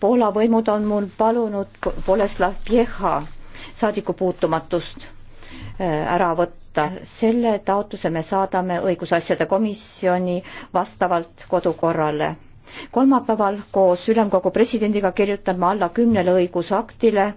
Poola võimud on mul palunud Boleslav Pjeha saadikupuutumatust äh, ära võtta. selle taotluse me saadame õigusasjade komisjoni vastavalt kodukorrale. kolmapäeval koos ülemkogu presidendiga kirjutan ma alla kümnele õigusaktile,